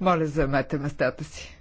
Моля, заемете местата си.